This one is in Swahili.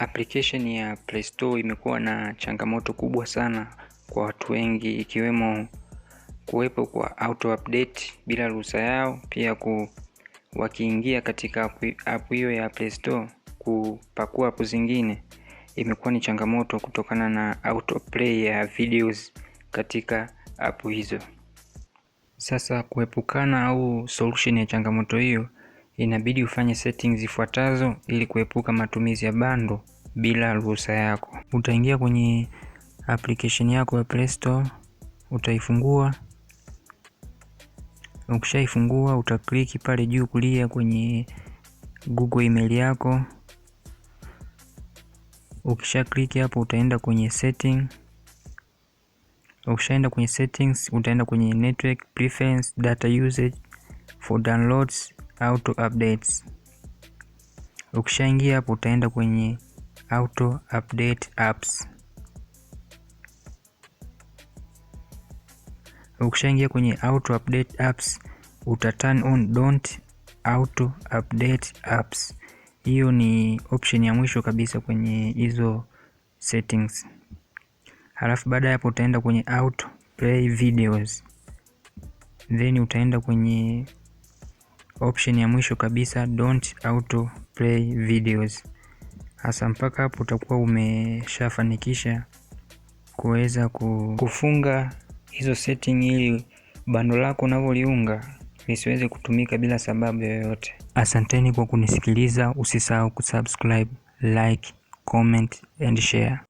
Application ya Play Store imekuwa na changamoto kubwa sana kwa watu wengi ikiwemo kuwepo kwa auto update bila ruhusa yao, pia ku wakiingia katika app hiyo ya Play Store kupakua app zingine imekuwa ni changamoto kutokana na play ya videos katika app hizo. Sasa kuepukana au solution ya changamoto hiyo inabidi ufanye settings zifuatazo ili kuepuka matumizi ya bando bila ruhusa yako. Utaingia kwenye application yako ya Play Store, utaifungua. Ukishaifungua utakliki pale juu kulia kwenye Google email yako. Ukisha kliki hapo utaenda kwenye setting. Ukishaenda kwenye settings utaenda kwenye network preference, data usage for downloads auto updates. Ukishaingia hapo utaenda kwenye auto update apps. Ukishaingia kwenye auto update apps uta turn on don't auto update apps. Hiyo ni option ya mwisho kabisa kwenye hizo settings. Halafu baada ya hapo utaenda kwenye auto play videos, then utaenda kwenye option ya mwisho kabisa don't auto play videos. Hasa mpaka hapo utakuwa umeshafanikisha kuweza kufunga hizo setting ili bando lako unavyoliunga lisiweze kutumika bila sababu yoyote. Asanteni kwa kunisikiliza, usisahau kusubscribe, like, comment and share.